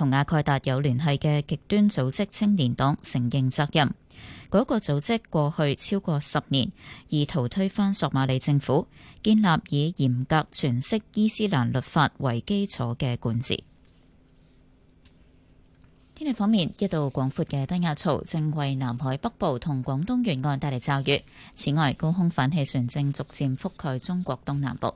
同阿蓋達有聯繫嘅極端組織青年黨承認責任。嗰個組織過去超過十年，意圖推翻索馬里政府，建立以嚴格詮釋伊斯蘭律法為基礎嘅管治。天氣方面，一度廣闊嘅低壓槽正為南海北部同廣東沿岸帶嚟驟雨。此外，高空反氣旋正逐漸覆蓋中國東南部，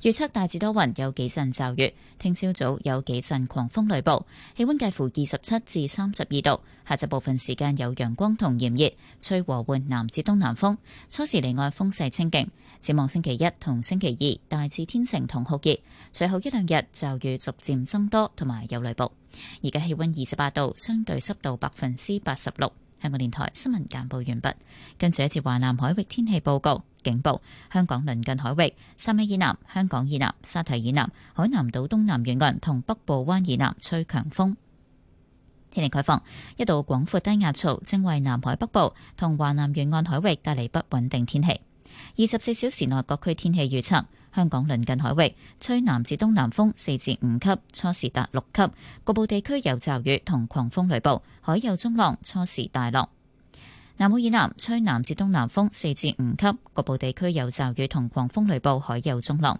預測大致多雲，有幾陣驟雨。聽朝早有幾陣狂風雷暴，氣温介乎二十七至三十二度。下晝部分時間有陽光同炎熱，吹和緩南至東南風。初時離岸風勢清勁。展望星期一同星期二大致天晴同酷熱，隨後一兩日驟雨逐漸增多，同埋有，有雷暴。而家氣溫二十八度，相對濕度百分之八十六。香港電台新聞簡報完畢。跟住一節華南海域天氣報告，警報：香港鄰近海域三米以南、香港以南、沙堤以南、海南島東南沿岸同北部灣以南吹強風。天氣概況：一道廣闊低壓槽正為南海北部同華南沿岸海域帶嚟不穩定天氣。二十四小時內各區天氣預測。香港鄰近海域吹南至東南風四至五級，初時達六級，局部地區有驟雨同狂風雷暴，海有中浪，初時大浪。南澳以南吹南至東南風四至五級，局部地區有驟雨同狂風雷暴，海有中浪。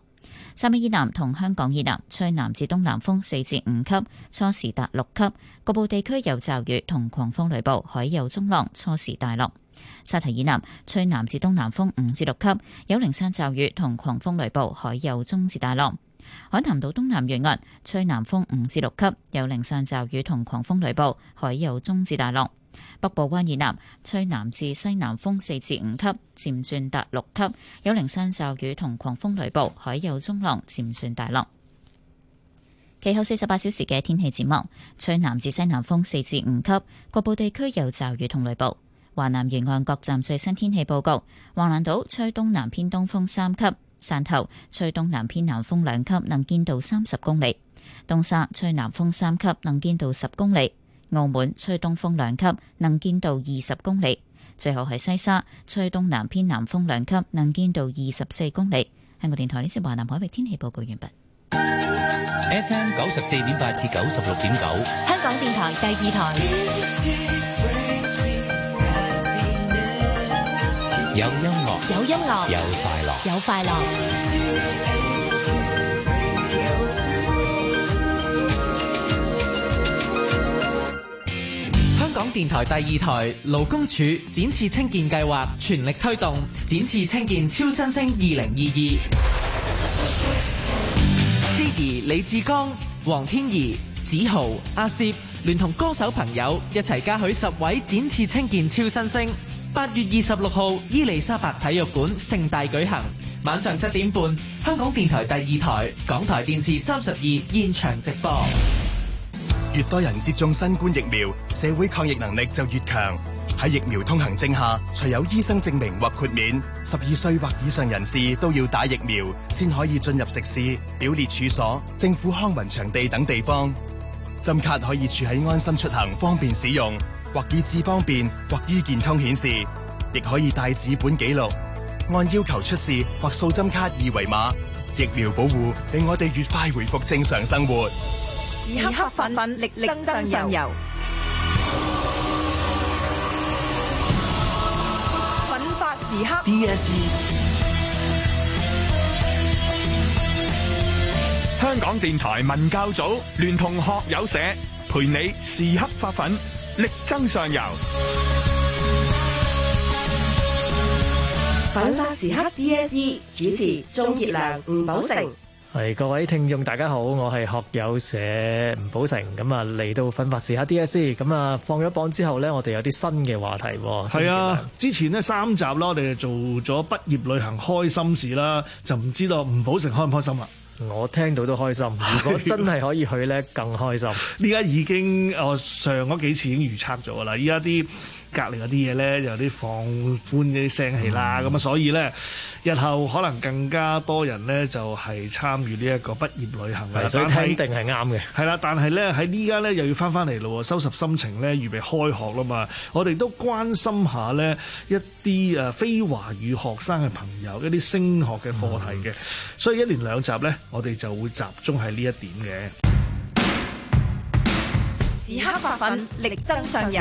汕尾以南同香港以南吹南至東南風四至五級，初時達六級，局部地區有驟雨同狂風雷暴，海有中浪，初時大浪。沙堤以南吹南至東南風五至六級，有零散驟雨同狂風雷暴，海有中至大浪。海南島東南沿岸吹南風五至六級，有零散驟雨同狂風雷暴，海有中至大浪。北部灣以南吹南至西南風四至五級，漸轉達六級，有零散驟雨同狂風雷暴，海有中浪，漸轉大浪。其後四十八小時嘅天氣展望吹南至西南風四至五級，局部地區有驟雨同雷暴。華南沿岸各站最新天氣報告：華南島吹東南偏東風三級，汕頭吹東南偏南風兩級，能見度三十公里；東沙吹南風三級，能見度十公里；澳門吹東風兩級，能見度二十公里。最後係西沙吹東南偏南風兩級，能見度二十四公里。香港電台呢次華南海域天氣報告完畢。FM 九十四點八至九十六點九，香港電台第二台。有音樂，有音樂，有快樂，有快樂 。香港電台第二台勞工處展翅青見計劃全力推動展翅青見超新星二零二二。司儀 李志剛、黃天怡、子豪、阿 Sir 聯同歌手朋友一齊加許十位展翅青見超新星。八月二十六號，伊利沙伯體育館盛大舉行。晚上七點半，香港電台第二台、港台電視三十二現場直播。越多人接種新冠疫苗，社會抗疫能力就越強。喺疫苗通行證下，除有醫生證明或豁免，十二歲或以上人士都要打疫苗，先可以進入食肆、表列處所、政府康文場地等地方。針卡可以儲喺安心出行，方便使用。或以智方便，或醫健通顯示，亦可以帶紙本記錄，按要求出示或掃針卡二維碼。疫苗保護令我哋越快回復正常生活，時刻發奮，發奮力力增增上游，奮發時刻。DSE，香港電台文教組聯同學友社陪你時刻發奮。力爭上游，奮發時刻 DSE 主持鍾杰良、吳寶成，係各位聽眾大家好，我係學友社吳寶成，咁啊嚟到奮發時刻 DSE，咁啊放咗榜之後咧，我哋有啲新嘅話題，係啊，之前呢三集啦，我哋就做咗畢業旅行開心事啦，就唔知道吳寶成開唔開心啦。我聽到都開心，如果真係可以去呢，更開心。呢家的已經我上嗰幾次已經預測咗㗎啦，依家啲，隔離嗰啲嘢咧，有啲放寬嘅聲氣啦，咁啊，所以咧，日後可能更加多人咧就係參與呢一個畢業旅行啦。但係聽定係啱嘅，係啦，但係咧喺呢家咧又要翻翻嚟咯，收拾心情咧，預備開學啦嘛。我哋都關心下咧一啲誒非華語學生嘅朋友一啲升學嘅課題嘅，所以一連兩集咧，我哋就會集中喺呢一點嘅。時刻發奮，力爭上游。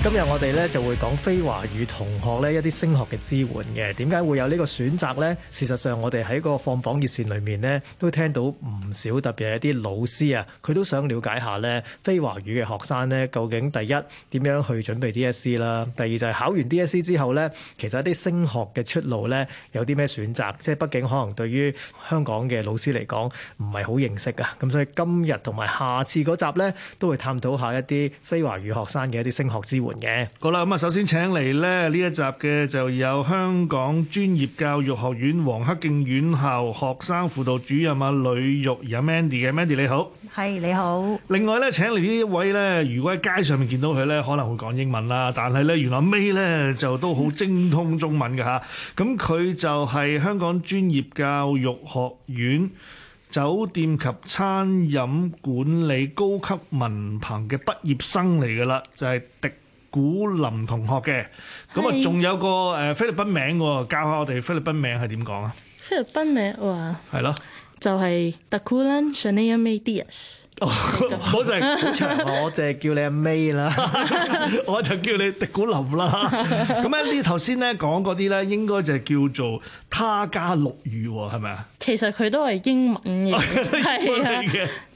今日我哋咧就會講非華語同學咧一啲升學嘅支援嘅。點解會有呢個選擇咧？事實上，我哋喺個放榜熱線裏面咧，都聽到唔少特別係一啲老師啊，佢都想了解下咧非華語嘅學生咧，究竟第一點樣去準備 DSE 啦，第二就係考完 DSE 之後咧，其實一啲升學嘅出路咧有啲咩選擇，即係畢竟可能對於香港嘅老師嚟講唔係好認識啊。咁所以今日同埋下次嗰集咧，都會探討下一啲非華語學生嘅一啲升學支援。嘅好啦，咁啊，首先請嚟咧呢一集嘅就有香港專業教育學院黃克競院校學生輔導主任啊，呂玉儀 Mandy 嘅 Mandy 你好，係你好。另外呢，請嚟呢一位呢，如果喺街上面見到佢呢，可能會講英文啦，但係呢，原來 May 呢，就都好精通中文嘅吓，咁佢 就係香港專業教育學院酒店及餐飲管理高級文憑嘅畢業生嚟噶啦，就係、是、狄。古琳同學嘅，咁啊仲有個誒菲律賓名喎，教下我哋菲律賓名係點講啊？菲律賓名話係咯，就係 Takulan Shania Matias。 哦，好長的，好長， 我就係叫你阿 May 啦， 我就叫你狄古琳啦。咁咧呢頭先咧講嗰啲咧，應該就係叫做他加祿語喎，係咪啊？其實佢都係英文嘅，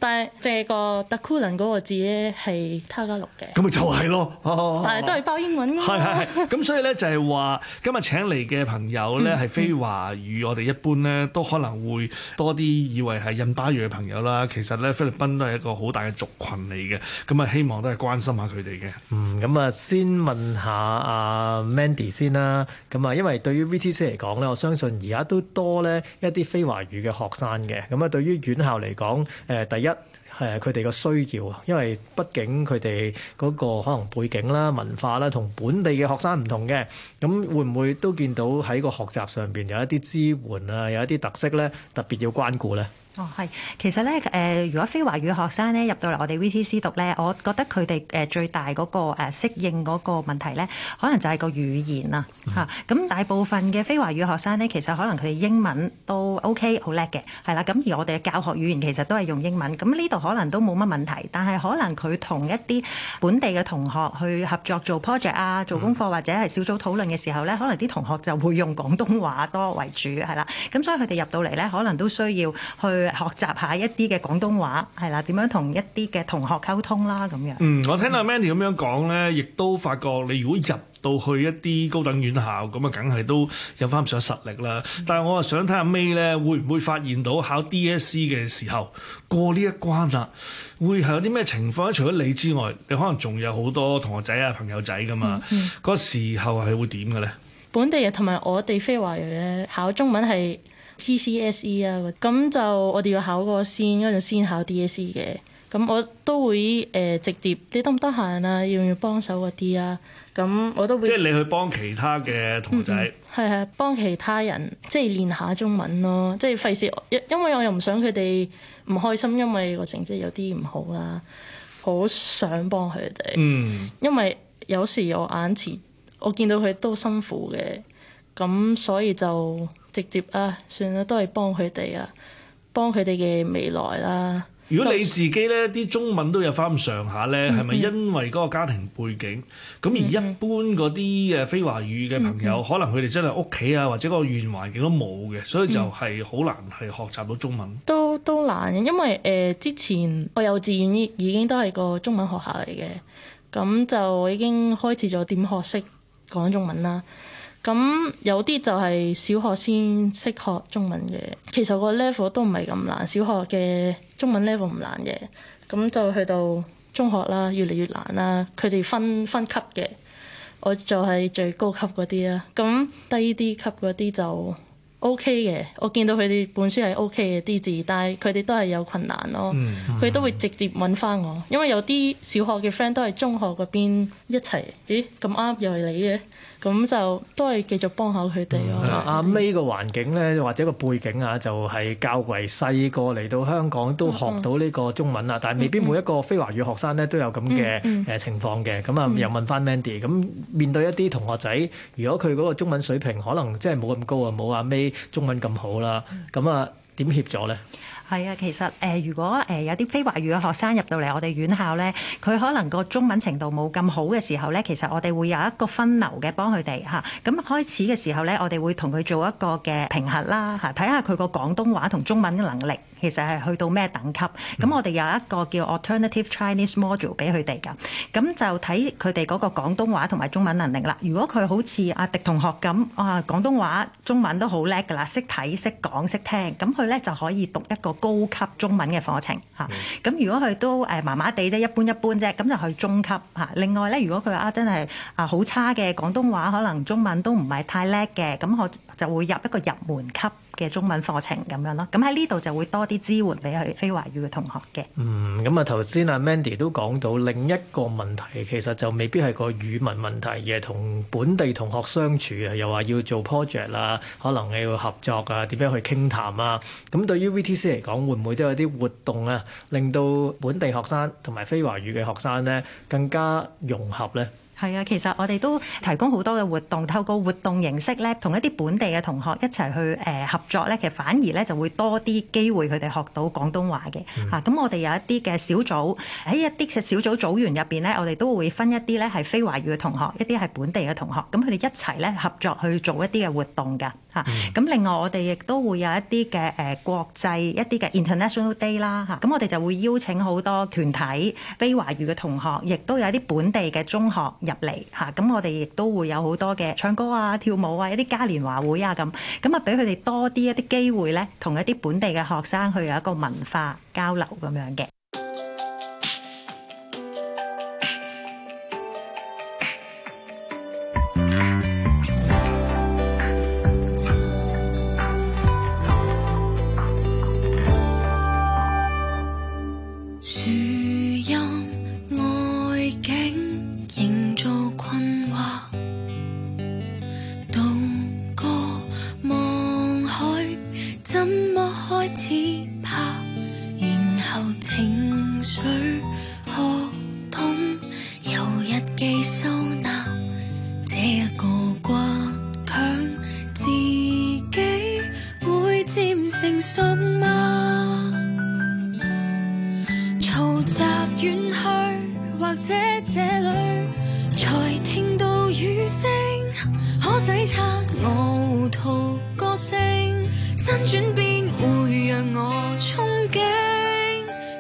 但係借個狄古琳嗰個字咧係他加祿嘅。咁咪、 嗯嗯、 就係咯，哦、但係都係包英文嘅。係 係，咁所以咧就係話今日請嚟嘅朋友咧係非華語，嗯嗯、我哋一般咧都可能會多啲以為係印巴語嘅朋友啦。其實咧菲律賓都係。一個好大嘅族群嚟嘅，咁啊希望都係關心下佢哋嘅。嗯，咁啊先問下阿 Mandy 先啦。咁啊，因為對於 VTC 嚟講咧，我相信而家都多咧一啲非華語嘅學生嘅。咁啊，對於院校嚟講，誒第一係佢哋個需要，因為畢竟佢哋嗰個可能背景啦、文化啦，同本地嘅學生唔同嘅。咁會唔會都見到喺個學習上邊有一啲支援啊，有一啲特色咧，特別要關顧咧？哦，係，其實咧，誒、呃，如果非華語學生咧入到嚟我哋 VTC 讀咧，我覺得佢哋誒最大嗰、那個誒、啊、適應嗰個問題咧，可能就係個語言啊，嚇、嗯。咁大部分嘅非華語學生咧，其實可能佢哋英文都 OK，好叻嘅，係啦。咁而我哋嘅教學語言其實都係用英文，咁呢度可能都冇乜問題。但係可能佢同一啲本地嘅同學去合作做 project 啊、做功課或者係小組討論嘅時候咧，嗯、可能啲同學就會用廣東話多為主，係啦。咁所以佢哋入到嚟咧，可能都需要去。學習一下一啲嘅廣東話係啦，點樣同一啲嘅同學溝通啦咁樣。嗯，我聽阿 Mandy 咁樣講咧，亦、嗯、都發覺你如果入到去一啲高等院校，咁啊，梗係都有翻唔少實力啦。嗯、但係我又想睇下 May 咧，會唔會發現到考 DSE 嘅時候過呢一關啦？會係有啲咩情況咧？除咗你之外，你可能仲有好多同學仔啊、朋友仔噶嘛。嗰、嗯、時候係會點嘅咧？本地人同埋我哋非華裔咧，考中文係。GCSE 啊，咁就我哋要考過先，跟住先考 DSE 嘅。咁我都會誒、呃、直接，你得唔得閒啊？要唔要幫手嗰啲啊？咁我都會。即係你去幫其他嘅同仔。係啊、嗯，幫其他人即係練下中文咯。即係費事，因因為我又唔想佢哋唔開心，因為個成績有啲唔好啦、啊。好想幫佢哋。嗯。因為有時我眼前我見到佢都辛苦嘅，咁所以就。直接啊，算啦，都係幫佢哋啊，幫佢哋嘅未來啦。如果你自己呢啲算中文都有翻咁上下呢，係咪因為嗰個家庭背景？咁、mm hmm. 而一般嗰啲誒非華語嘅朋友，mm hmm. 可能佢哋真係屋企啊或者嗰個語言環境都冇嘅，mm hmm. 所以就係好難去學習到中文。都都難嘅，因為誒、呃、之前我幼稚園已已經都係個中文學校嚟嘅，咁就已經開始咗點學識講中文啦。咁有啲就係小學先識學中文嘅，其實個 level 都唔係咁難，小學嘅中文 level 唔難嘅，咁就去到中學啦，越嚟越難啦。佢哋分分級嘅，我就係最高級嗰啲啦，咁低啲級嗰啲就。O K 嘅，我見到佢哋本書係 O K 嘅啲字，但係佢哋都係有困難咯。佢、嗯、都會直接揾翻我，因為有啲小學嘅 friend 都係中學嗰邊一齊，咦咁啱又係你嘅，咁就都係繼續幫下佢哋咯。阿 May 個環境咧，或者個背景啊，就係、是、較為細個嚟到香港都學到呢個中文啦，嗯、但係未必每一個非華語學生咧都有咁嘅誒情況嘅。咁啊又問翻 Mandy，咁面對一啲同學仔，如果佢嗰個中文水平可能即係冇咁高啊，冇阿 May。中文咁好啦，咁啊點協助呢？係啊，其實誒、呃，如果誒有啲非華語嘅學生入到嚟我哋院校呢，佢可能個中文程度冇咁好嘅時候呢，其實我哋會有一個分流嘅幫佢哋嚇。咁、啊、開始嘅時候呢，我哋會同佢做一個嘅評核啦嚇，睇下佢個廣東話同中文嘅能力。其實係去到咩等級？咁我哋有一個叫 Alternative Chinese Module 俾佢哋㗎。咁就睇佢哋嗰個廣東話同埋中文能力啦。如果佢好似阿狄同學咁，啊廣東話中文都好叻㗎啦，識睇、識講、識聽，咁佢咧就可以讀一個高級中文嘅課程嚇。咁、啊嗯、如果佢都誒麻麻地啫，一般一般啫，咁就去中級嚇、啊。另外咧，如果佢啊真係啊好差嘅廣東話，可能中文都唔係太叻嘅，咁我就會入一個入門級。嘅中文課程咁樣咯，咁喺呢度就會多啲支援俾佢非華語嘅同學嘅。嗯，咁啊頭先阿 Mandy 都講到另一個問題，其實就未必係個語文問題，而係同本地同學相處啊，又話要做 project 啊，可能要合作啊，點樣去傾談啊。咁對於 VTC 嚟講，會唔會都有啲活動啊，令到本地學生同埋非華語嘅學生咧更加融合咧？係啊，其實我哋都提供好多嘅活動，透過活動形式咧，同一啲本地嘅同學一齊去誒、呃、合作咧，其實反而咧就會多啲機會佢哋學到廣東話嘅嚇。咁、啊、我哋有一啲嘅小組喺一啲嘅小組組員入邊咧，我哋都會分一啲咧係非華語嘅同學，一啲係本地嘅同學，咁佢哋一齊咧合作去做一啲嘅活動㗎嚇。咁、啊嗯、另外我哋亦都會有一啲嘅誒國際一啲嘅 International Day 啦、啊、嚇，咁我哋就會邀請好多團體非華語嘅同學，亦都有一啲本地嘅中學入嚟吓，咁、啊、我哋亦都會有好多嘅唱歌啊、跳舞啊、一啲嘉年華會啊咁，咁啊俾佢哋多啲一啲機會咧，同一啲本地嘅學生去有一個文化交流咁樣嘅。或者這裏才聽到雨聲，可洗刷我糊塗個性。新轉變會讓我憧憬，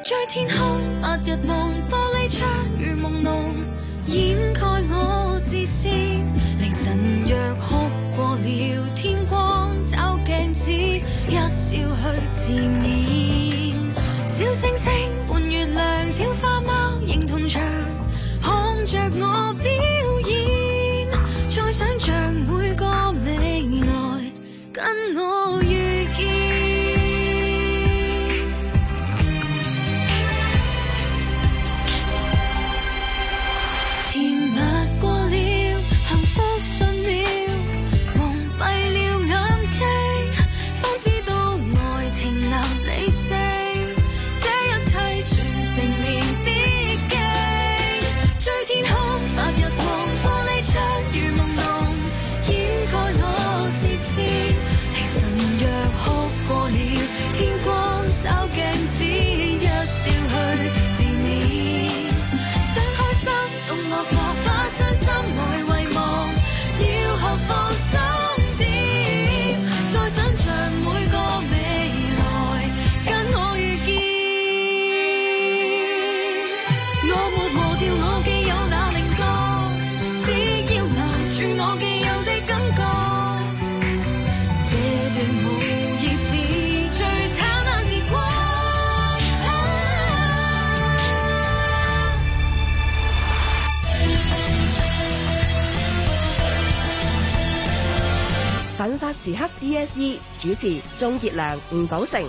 在天空白日夢，玻璃窗如朦朧，掩蓋我視線。凌晨若哭過了天光，找鏡子一笑去自。時刻 DSE 主持鍾杰良、吳寶成。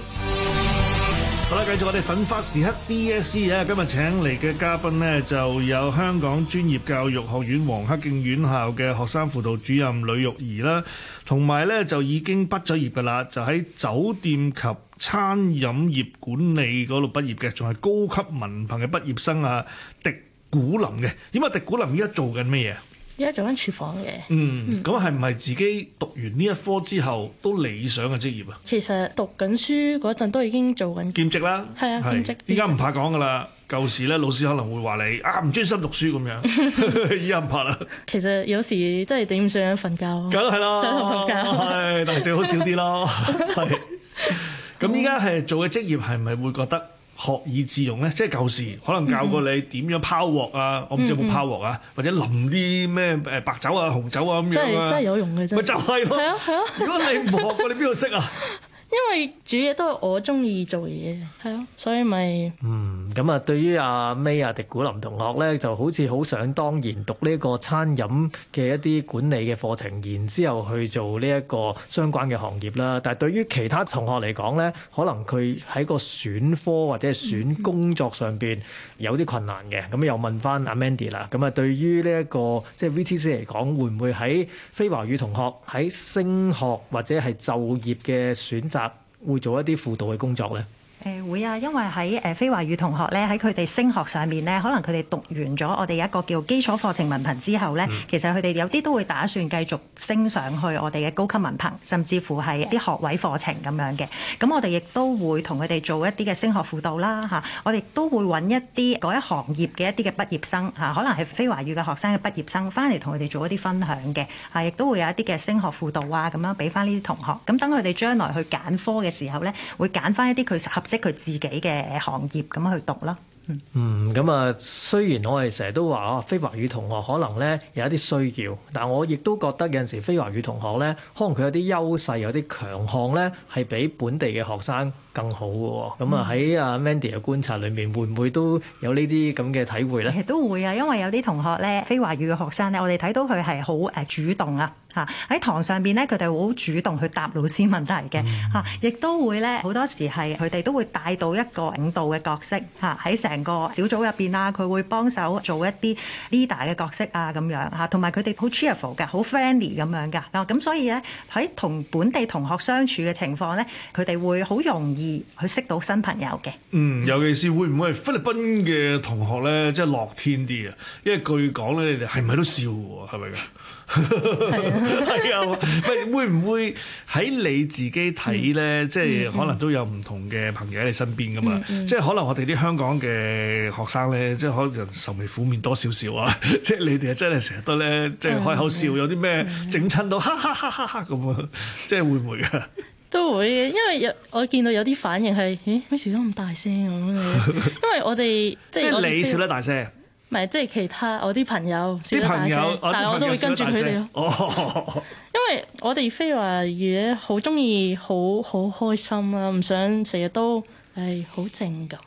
好啦，繼續我哋奮發時刻 DSE 啊！今日請嚟嘅嘉賓呢，就有香港專業教育學院黃克競院校嘅學生輔導主任呂玉儀啦，同埋咧就已經畢咗業噶啦，就喺酒店及餐飲業管理嗰度畢業嘅，仲係高級文憑嘅畢業生啊，狄古琳嘅。點啊，狄古琳依家做緊咩嘢？而家做緊廚房嘅，嗯，咁係唔係自己讀完呢一科之後都理想嘅職業啊？其實讀緊書嗰陣都已經做緊兼職啦，係啊，兼職。依家唔怕講噶啦，舊時咧老師可能會話你啊唔專心讀書咁樣，依家唔怕啦。 其實有時真係有啲想瞓覺，梗係咯係咯，想瞓覺，係但係最好少啲咯，係。咁依家係做嘅職業係咪會覺得？學以致用咧，即係舊時可能教過你點樣拋鑊啊，嗯、我唔知有冇拋鑊啊，嗯、或者淋啲咩誒白酒啊、紅酒啊咁樣啊、即係真係有用嘅啫。咪就係咯，係啊係啊！啊 如果你唔學過，你邊度識啊？因為煮嘢都係我中意做嘢，係咯、啊，所以咪嗯。咁啊、嗯，對於阿 May 阿狄古琳同學咧，就好似好想當然讀呢個餐飲嘅一啲管理嘅課程，然之後去做呢一個相關嘅行業啦。但係對於其他同學嚟講咧，可能佢喺個選科或者係選工作上邊有啲困難嘅。咁又問翻阿 Mandy 啦。咁啊，對於呢一個即係 VTC 嚟講，會唔會喺非華語同學喺升學或者係就業嘅選擇，會做一啲輔導嘅工作咧？誒會啊，因為喺誒非華語同學咧，喺佢哋升學上面咧，可能佢哋讀完咗我哋一個叫基礎課程文憑之後咧，嗯、其實佢哋有啲都會打算繼續升上去我哋嘅高級文憑，甚至乎係一啲學位課程咁樣嘅。咁我哋亦都會同佢哋做一啲嘅升學輔導啦，嚇、啊！我哋都會揾一啲嗰一行業嘅一啲嘅畢業生嚇、啊，可能係非華語嘅學生嘅畢業生翻嚟同佢哋做一啲分享嘅嚇，亦、啊、都會有一啲嘅升學輔導啊，咁樣俾翻呢啲同學。咁等佢哋將來去揀科嘅時候咧，會揀翻一啲佢合。即佢自己嘅行業咁去讀囉。嗯，咁啊，雖然我哋成日都話啊，非華語同學可能咧有一啲需要，但我亦都覺得有陣時非華語同學咧，可能佢有啲優勢，有啲強項咧，係比本地嘅學生更好嘅喎，咁啊喺阿 Mandy 嘅觀察裏面，嗯、會唔會都有呢啲咁嘅體會咧？亦都會啊，因為有啲同學咧，非華語嘅學生咧，我哋睇到佢係好誒主動啊，吓，喺堂上邊咧，佢哋好主動去答老師問題嘅吓，亦都、嗯、會咧好多時係佢哋都會帶到一個領導嘅角色吓，喺成個小組入邊啊，佢會幫手做一啲 leader 嘅角色啊咁樣吓，同埋佢哋好 cheerful 嘅，好 friendly 咁樣噶嗱，咁所以咧喺同本地同學相處嘅情況咧，佢哋會好容易。去識到新朋友嘅，嗯，尤其是會唔會係菲律賓嘅同學咧，即係樂天啲啊？因為據講咧，你哋係咪都笑喎？係咪噶？係啊，咪會唔會喺你自己睇咧？嗯嗯、即係可能都有唔同嘅朋友喺你身邊噶嘛？嗯嗯、即係可能我哋啲香港嘅學生咧，即係可能愁眉苦面多少少啊？即係你哋真係成日都咧，即係、嗯、開口笑，嗯、有啲咩整親到「哈哈哈哈哈哈」咁啊？即係會唔會噶？都會嘅，因為有我見到有啲反應係，咦？咩笑得咁大聲咁？ 因為我哋即係你笑得大聲，唔係即係其他我啲朋友笑得大聲，大聲但係我都會跟住佢哋咯。 因為我哋非華語好中意，好好開心啊！唔想成日都。係好正咁，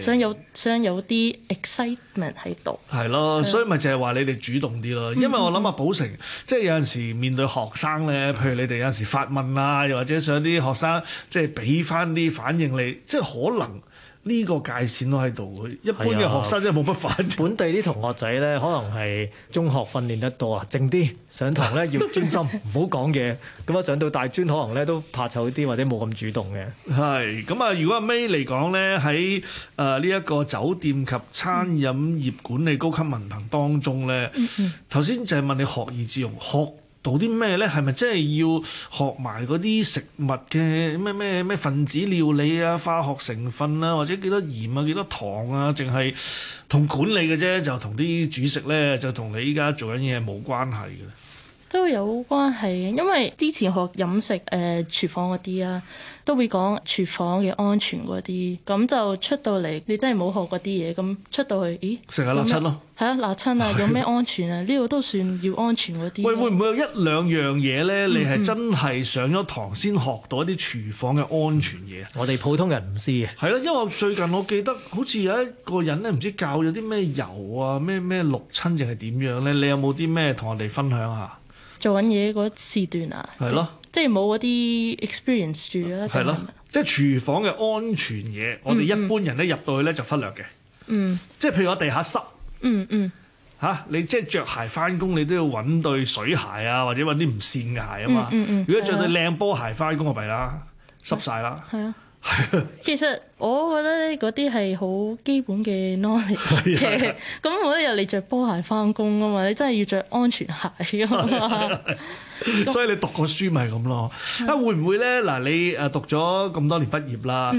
想有想有啲 excitement 喺度。係咯的，的所以咪就係話你哋主動啲咯。因為我諗啊，寶成、mm，hmm。即係有陣時面對學生咧，譬如你哋有陣時發問啊，又或者想啲學生即係俾翻啲反應你，即係可能。呢個界線都喺度，一般嘅學生真係冇乜反應。本地啲同學仔咧，可能係中學訓練得多啊，靜啲上堂咧，要專心，唔好講嘢。咁啊上到大專，可能咧都怕醜啲，或者冇咁主動嘅。係咁啊，如果阿 May 嚟講咧，喺誒呢一個酒店及餐飲業管理高級文憑當中咧，頭先 就係問你學以致用學。做啲咩咧？係咪真係要學埋嗰啲食物嘅咩咩咩分子料理啊、化學成分啊，或者幾多鹽啊、幾多糖啊？淨係同管理嘅啫，就同啲主食咧，就同你依家做緊嘢冇關係嘅。都有關係，因為之前學飲食誒、呃、廚房嗰啲啊，都會講廚房嘅安全嗰啲，咁就出到嚟，你真係冇學嗰啲嘢，咁出到去，咦？成日立親咯，係啊，立親啊！有咩安全啊？呢個都算要安全嗰啲。喂，會唔會有一兩樣嘢咧？ 你係真係上咗堂先學到一啲廚房嘅安全嘢？ 我哋普通人唔知嘅。係咯，因為最近我記得好似有一個人咧，唔知教咗啲咩油啊、咩咩燙親，定係點樣咧？你有冇啲咩同我哋分享下？做緊嘢嗰時段啊，係咯啦，即係冇嗰啲 experience 住啦。係咯，即係廚房嘅安全嘢，嗯嗯，我哋一般人咧入到去咧就忽略嘅。嗯，即係譬如我地下濕，嗯嗯，吓，你即係着鞋翻工，你都要揾對水鞋啊，或者揾啲唔跣嘅鞋啊嘛。嗯，嗯嗯，如果着對靚波鞋翻工，我弊啦，濕晒啦。係啊。 其實我覺得咧嗰啲係好基本嘅 knowledge 嘅，咁我一日你着波鞋翻工啊嘛，你真係要着安全鞋㗎嘛， 所以你讀個書咪咁咯。啊，會唔會咧？嗱，你誒讀咗咁多年畢業啦，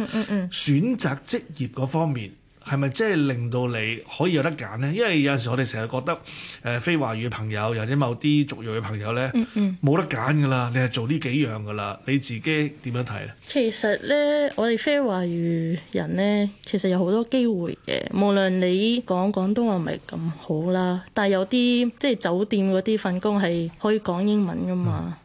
選擇職業嗰方面，係咪即係令到你可以有得揀呢？因為有時我哋成日覺得誒、呃、非華語嘅朋友，或者某啲族裔嘅朋友咧，冇、嗯嗯、得揀㗎啦，你係做呢幾樣㗎啦。你自己點樣睇咧？其實咧，我哋非華語人咧，其實有好多機會嘅。無論你講廣東話唔係咁好啦，但係有啲即係酒店嗰啲份工係可以講英文㗎嘛。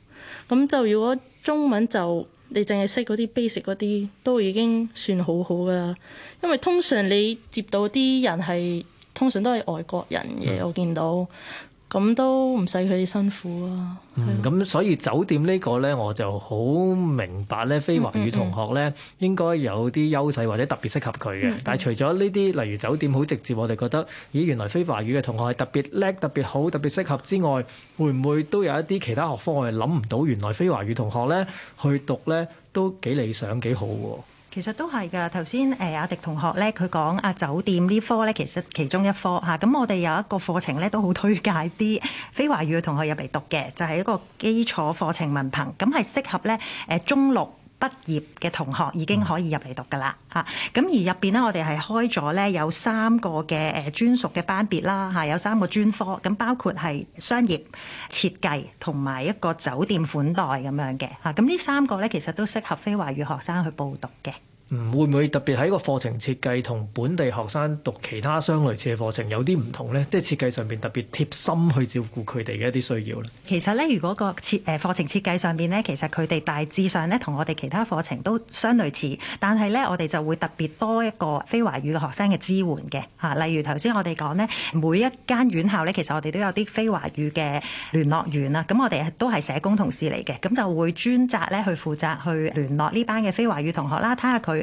咁、嗯、就如果中文就。你淨係識嗰啲 basic 嗰啲，都已經算好好㗎喇。因為通常你接到啲人係，通常都係外國人嘅，嗯、我見到。咁都唔使佢哋辛苦啊！嗯，咁所以酒店呢個咧，我就好明白咧，非華語同學咧應該有啲優勢或者特別適合佢嘅。嗯嗯、但係除咗呢啲，例如酒店好直接，我哋覺得，咦，原來非華語嘅同學係特別叻、特別好、特別適合之外，會唔會都有一啲其他學科我係諗唔到？原來非華語同學咧，去讀咧都幾理想、幾好喎。其實都係噶，頭先誒亞迪同學咧，佢講啊酒店呢科咧，其實其中一科嚇，咁我哋有一個課程咧，都好推介啲非華語嘅同學入嚟讀嘅，就係一個基礎課程文憑，咁係適合咧誒中六，畢業嘅同學已經可以入嚟讀噶啦嚇，咁、啊、而入面咧，我哋係開咗咧有三個嘅誒專屬嘅班別啦嚇、啊，有三個專科，咁、啊、包括係商業設計同埋一個酒店款待咁樣嘅嚇，咁、啊、呢、啊、三個咧其實都適合非華語學生去報讀嘅。唔會唔會特別喺個課程設計同本地學生讀其他相類似嘅課程有啲唔同呢？即係設計上邊特別貼心去照顧佢哋嘅一啲需要咧。其實咧，如果個設誒課程設計上邊呢，其實佢哋大致上咧同我哋其他課程都相類似，但係咧我哋就會特別多一個非華語嘅學生嘅支援嘅吓、啊，例如頭先我哋講呢，每一間院校咧，其實我哋都有啲非華語嘅聯絡員啊，咁我哋都係社工同事嚟嘅，咁就會專責咧去負責去聯絡呢班嘅非華語同學啦，睇下佢，看看到到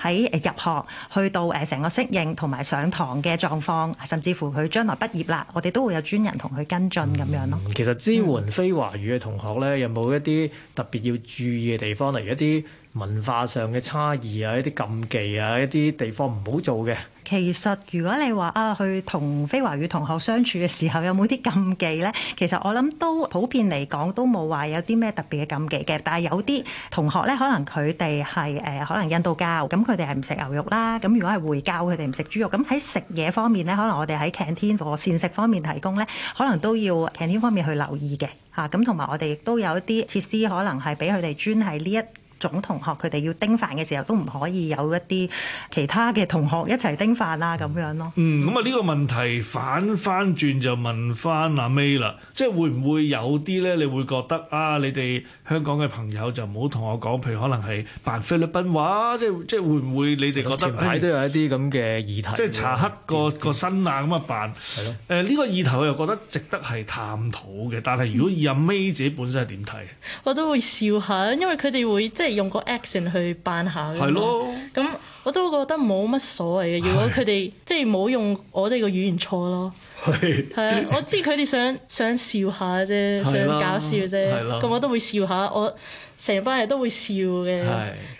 喺入學去到誒成個適應同埋上堂嘅狀況，甚至乎佢將來畢業啦，我哋都會有專人同佢跟進咁樣咯。其實支援非華語嘅同學咧，有冇一啲特別要注意嘅地方啊？例如一啲文化上嘅差異啊，一啲禁忌啊，一啲地方唔好做嘅。其實如果你話啊，去同非華語同學相處嘅時候，有冇啲禁忌咧？其實我諗都普遍嚟講都冇話有啲咩特別嘅禁忌嘅，但係有啲同學咧，可能佢哋係誒可能印度。教咁佢哋係唔食牛肉啦，咁如果係回教佢哋唔食豬肉，咁喺食嘢方面咧，可能我哋喺 canteen 和膳食方面提供咧，可能都要 canteen 方面去留意嘅吓，咁同埋我哋亦都有一啲設施可能係俾佢哋專喺呢一。總同學佢哋要叮飯嘅時候，都唔可以有一啲其他嘅同學一齊叮飯啊咁樣咯。嗯，咁啊呢個問題反翻轉就問翻阿 May 啦，即係會唔會有啲咧？你會覺得啊，你哋香港嘅朋友就唔好同我講，譬如可能係扮菲律賓話，即係即係會唔會你哋覺得前排都有一啲咁嘅議題，即係查黑個個身啊咁啊扮。係咯了。誒呢、呃這個議題我又覺得值得係探討嘅，但係如果阿 May 自己本身係點睇？我都會笑吓，因為佢哋會即係。用個 action 去扮下咁，咁的我都覺得冇乜所謂嘅。的如果佢哋即係冇用我哋個語言錯咯，係啊的， 我知佢哋想想笑下啫，的想搞笑啫，咁我都會笑下我。成班人都會笑嘅，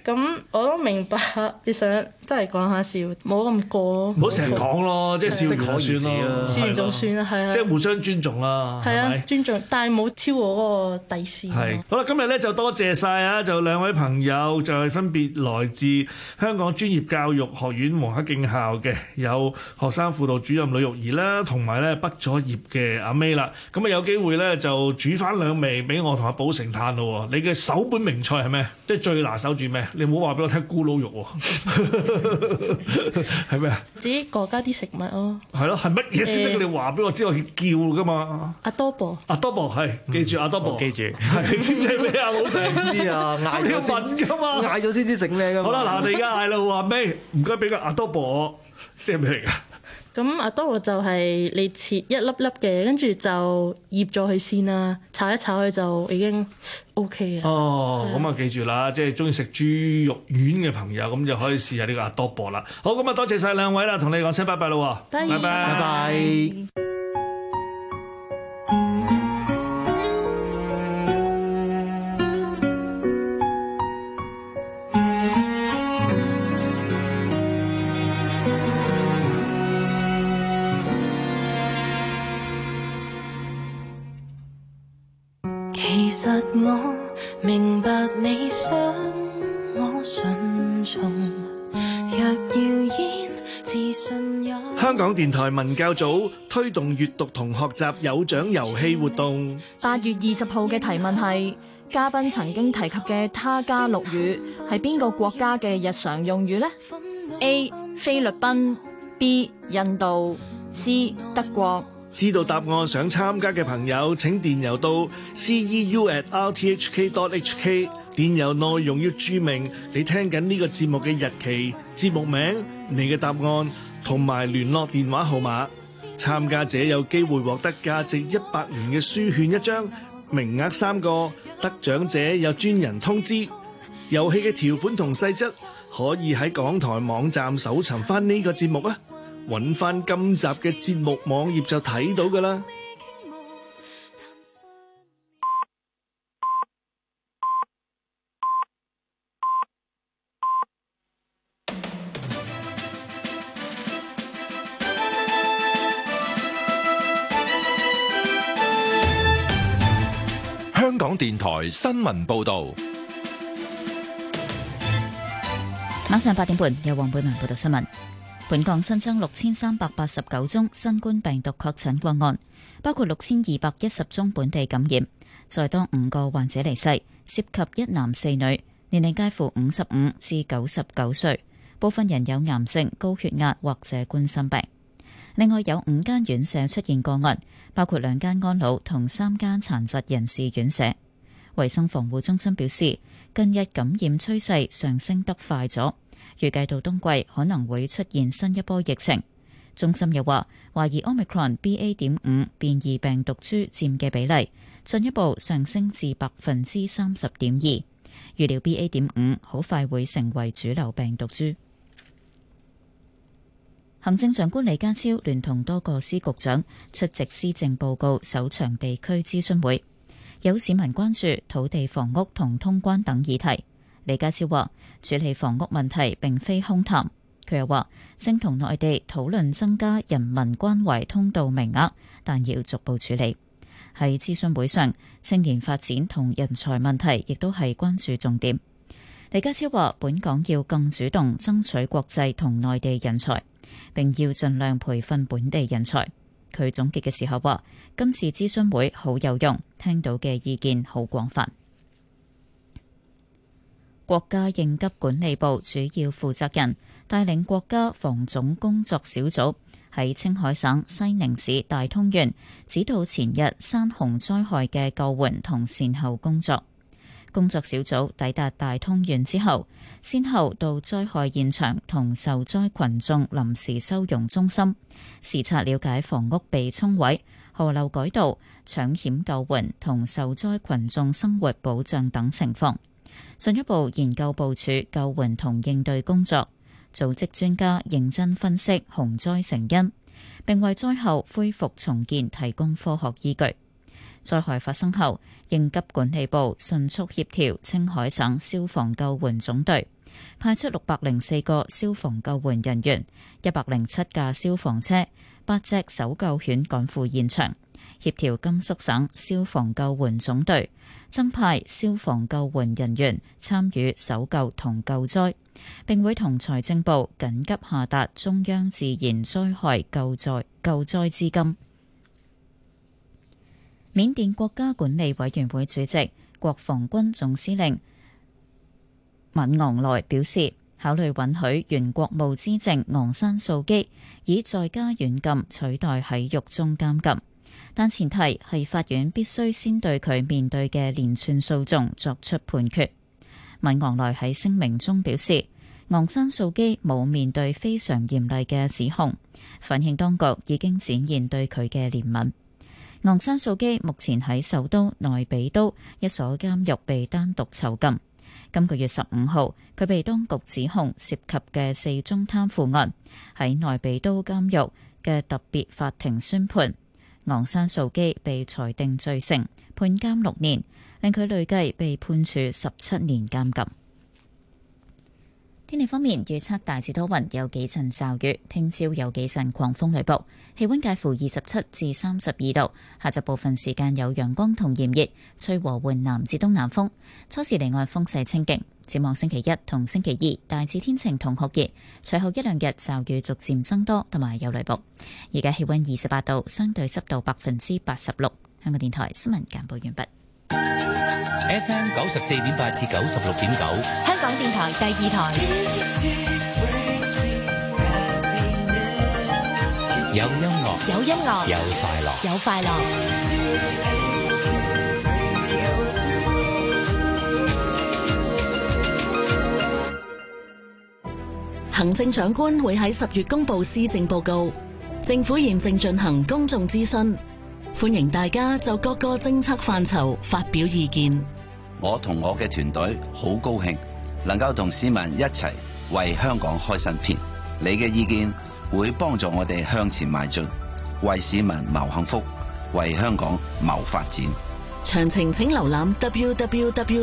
咁是我都明白你想都係講下笑，冇咁過。唔好成日講咯，即係笑完就算咯，的笑完就算啦，係啊，的即係互相尊重啦。係啊，尊重，但係冇超過嗰個底線。係的好啦，今日咧就多謝晒啊！就兩位朋友就係、是、分別來自香港專業教育學院黃克敬校嘅有學生輔導主任呂玉儀啦，同埋咧畢咗業嘅阿 May 啦。咁啊有機會咧就煮翻兩味俾我同阿寶成嘆咯。你嘅手。本名菜係咩？即係最拿手住咩？你唔好話俾我聽咕嚕肉喎，係咩？自己國家啲食物咯。係咯，係乜嘢先得？你話俾我知，我叫㗎嘛。阿多博，阿多博係，記住阿多博，記住你知唔知咩啊？老實唔知啊，嗌咗問㗎嘛，嗌咗先知食咩㗎。好啦，嗱你而家嗌啦，話咩？唔該，俾個阿多博，即係咩嚟㗎？咁阿多我就係你切一粒粒嘅，跟住就醃咗佢先啦，炒一炒佢就已經 O K 嘅。哦，咁啊記住啦，即係中意食豬肉丸嘅朋友，咁就可以試下呢個阿多博啦。好，咁啊多謝晒兩位啦，同你講聲拜拜咯！拜拜，拜拜。電台文教組推動閱讀同學習有獎遊戲活動。八月二十號嘅提問係：嘉賓曾經提及嘅他加禄語係邊個國家嘅日常用語呢 A. 菲律賓 B. 印度 C. 德國。知道答案想參加嘅朋友，請電郵到 ceu@rthk.hk。K. K, 電郵內容要注明你聽緊呢個節目嘅日期、節目名、你嘅答案。同埋聯絡電話號碼，參加者有機會獲得價值一百元嘅書券一張，名額三個，得獎者有專人通知。遊戲嘅條款同細則可以喺港台網站搜尋返呢個節目啊，搵返今集嘅節目網頁就睇到㗎喇。港電台新聞報道，晚上八點半由黃貝文報道新聞。本港新增六千三百八十九宗新冠病毒確診個案，包括六千二百一十宗本地感染，再多五個患者離世，涉及一男四女，年齡介乎五十五至九十九歲，部分人有癌症、高血壓或者冠心病。另外有五間院舍出現個案。包括兩間安老同三間殘疾人士院舍。衞生防護中心表示，近日感染趨勢上升得快咗，預計到冬季可能會出現新一波疫情。中心又話，懷疑 Omicron BA. 點五變異病毒株佔嘅比例進一步上升至百分之三十點二，預料 BA. 點五好快會成為主流病毒株。行政長官李家超聯同多個司局長出席施政報告首場地區諮詢會，有市民關注土地、房屋同通關等議題。李家超話處理房屋問題並非空談，佢又話正同內地討論增加人民關懷通道名額，但要逐步處理。喺諮詢會上，青年發展同人才問題亦都係關注重點。李家超話，本港要更主動爭取國際同內地人才。並要盡量培訓本地人才。佢總結嘅時候話，今次諮詢會好有用，聽到嘅意見好廣泛。國家應急管理部主要負責人帶領國家防總工作小組喺青海省西寧市大通縣指導前日山洪災害嘅救援同善後工作。工作小組抵達大通縣之後。先後到災害現場同受災群眾臨時收容中心視察，了解房屋被沖毀、河流改道、搶險救援同受災群眾生活保障等情況，進一步研究部署救援同應對工作，組織專家認真分析洪災成因，並為災後恢復重建提供科學依據。災害發生後，應急管理部迅速協調青海省消防救援總隊派出六百零四個消防救援人員、一百零七架消防車、八隻搜救犬趕赴現場，協調甘肅省省消防救援總隊增派消防救援人員參與搜救同救災，並會同財政部緊急下達中央自然災害救災救災資金。緬甸國家管理委員會主席、國防軍總司令敏昂萊表示，考慮允許原國務資政昂山素基以在家軟禁取代喺獄中監禁，但前提係法院必須先對佢面對嘅連串訴訟作出判決。敏昂萊喺聲明中表示，昂山素基冇面對非常嚴厲嘅指控，反映當局已經展現對佢嘅憐憫。昂山素姬目前喺首都內比都一所監獄被單獨囚禁。今個月十五號，佢被當局指控涉及嘅四宗貪腐案，喺內比都監獄嘅特別法庭宣判，昂山素姬被裁定罪成，判監六年，令佢累計被判處十七年監禁。天氣方面，預測大致多雲，有幾陣驟雨，聽朝有幾陣狂風雷暴。氣温介乎二十七至三十二度，下晝部分時間有陽光同炎熱，吹和緩南至東南風。初時離岸風勢清勁，展望星期一同星期二大致天晴同酷熱，隨後一兩日驟雨逐漸增多同埋有雷暴。而家氣温二十八度，相對濕度百分之八十六。香港電台新聞簡報完畢。FM 九十四點八至九十六點九，香港電台第二台。有音樂，有音樂，有快樂，有快樂。行政長官會喺十月公布施政報告，政府現正進行公眾諮詢，歡迎大家就各個政策範疇發表意見。我同我嘅團隊好高興，能夠同市民一齊為香港開新篇。你嘅意見？會幫助我哋向前邁進，為市民謀幸福，為香港謀發展。詳情請瀏覽 www。